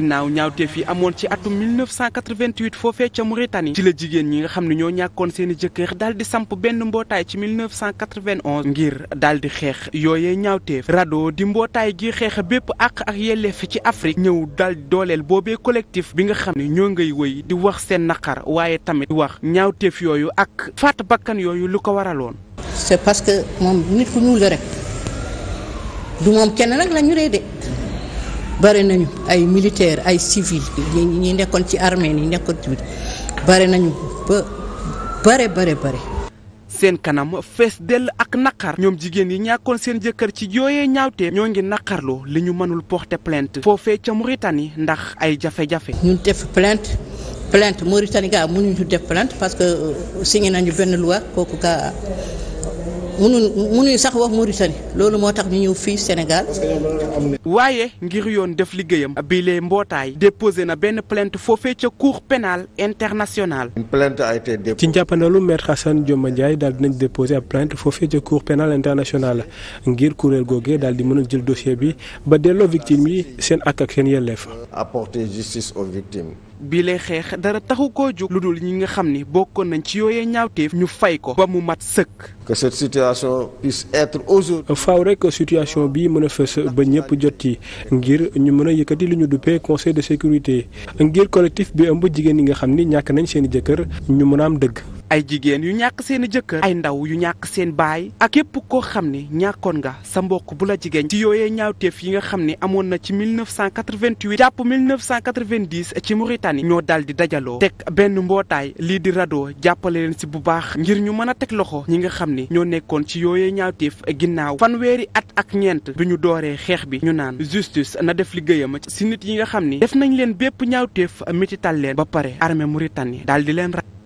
ginnaaw ñaawteef yi amoon ci atum 1988 foofee ca Mauritanie ci la jigéen ñi nga xam ne ñoo ñàkkoon seeni jëkkër daal di samp benn mbootaay ci 1991 ngir daal di xeex yooyee ñaawteef rado di mbootaay gi xeex bépp àq ak yelleef ci Afrique ñëw daal dooleel boobee collectif bi nga xam ne ñoo ngay wëy di wax seen naqar waaye tamit di wax ñaawteef yooyu ak faat bakkan yooyu lu ko waraloon. c'est parce que moom nit ku ñuul rek du moom kenn nag la ñu dee de. bari nañu ay militaire ay civil ñi nekkoon ci armée ñi nekkoon ci bare nañu ba bare bare bare seen kanam fees dell ak naqar ñoom jigéen yi ñàkkoon seen jëkkër ci yooyee ñaawte ñoo ngi naqarloo li ñu mënul porter plainte foofee ca Mauritanie ndax ay jafe-jafe ñun def plainte plainte Mauritanie gaa mënuñu def plainte parce que euh, signé nañu benn loi kooku gaa munuñ munuñ sax wax Mauritanie loolu moo tax ñu ñëw fii Sénégal. waaye ngir yoon def liggéeyam. bile mbootaay. déposé na benn plainte foofee ca cour pénal internationale. une a été déposée. ci njàppandalu maître Assane Dioma Ndiaye daal dinañ déposé ab plainte foofee ca cour pénale internationale ngir kuréel googee daal di mën a jël dossier bi ba delloo victime yi seen ak ak seen yelleef. apporter justice aux bi lay xeex dara taxu ko jóg lu dul ñi nga xam ni bokkoon nañ ci yooyee ñaawteef ñu fay ko ba mu mat sëkk. que cette situation puisse être aujourd'hui. faaw rek situation bi mën a ba ñëpp jot ci ngir ñu mën a yëkkati lu ñu duppee conseil de sécurité ngir collectif bi ëmb jigéen yi nga xam ni ñàkk nañ seen i jëkkër ñu mën a am dëgg. ay jigéen yu ñàkk seen i jëkkër ay ndaw yu ñàkk seen baay ak képp koo xam ne ñàkkoon nga sa mbokk bu la jigéen ci yooyee ñaawteef yi nga xam ne amoon na ci 1988 jàpp 1990 ci Mauritanie ñoo dal di dajaloo teg benn mbootaay lii di radoo jàppale leen si bu baax ngir ñu mën a teg loxo ñi nga xam ni ñoo nekkoon ci yooyee ñaawteef ginnaaw fanweeri at ak ñeent bi ñu dooree xeex bi ñu naan justice na def liggéeyam si nit yi nga xam ni def nañ leen bépp ñaawteef metital leen ba pare armée Mauritanie daal di leen ra